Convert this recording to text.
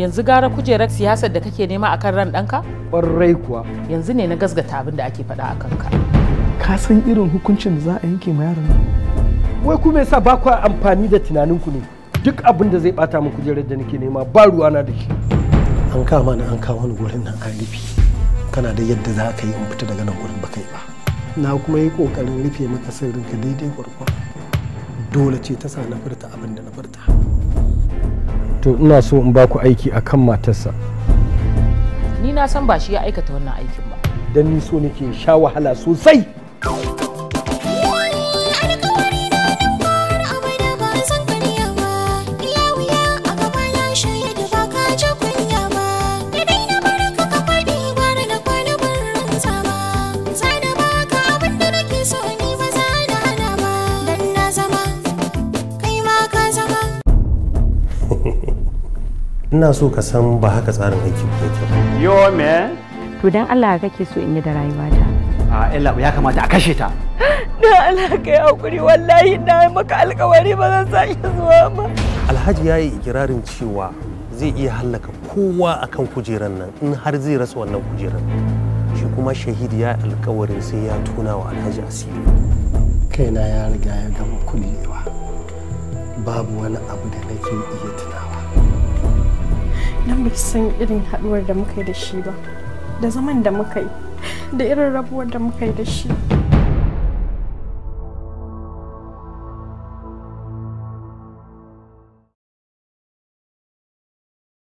yanzu gara kujerar siyasar da kake nema akan ran danka? Ƙwarai kuwa. Yanzu ne na gasgata abin da ake faɗa a kanka. Ka san irin hukuncin da za a yanke ma yaron Wai ku me yasa ba ku amfani da tunaninku ne? Duk abin da zai bata min kujerar da nake nema ba ruwana da shi. An kama ni an kawo ni gurin nan an Kana da yadda za ka yi in fita daga nan gurin ba kai ba. Na kuma yi ƙoƙarin rufe maka sirrinka daidai gwargwa. Dole ce ta sa na furta abin da na furta. to ina so in baku aiki akan matarsa ni na san ba shi ya aikata wannan aikin ba dan ni so nake sha wahala sosai ina so ka san ba haka tsarin aiki ba yake yo me to dan Allah kake so in yi da rayuwata a illa ya kamata a kashe ta dan Allah kai hakuri wallahi na maka alƙawari ba zan sake zuwa ba Alhaji yayi ikirarin cewa zai iya hallaka kowa akan kujeran nan in har zai rasa wannan kujeran shi kuma shahidi ya alkawarin sai ya tuna wa alhaji asiri kaina ya riga ya gama kullewa babu wani abu da nake iya tunawa don bai san irin haduwar da muka yi da shi ba da zaman da muka yi da irin rabuwar da muka yi da shi.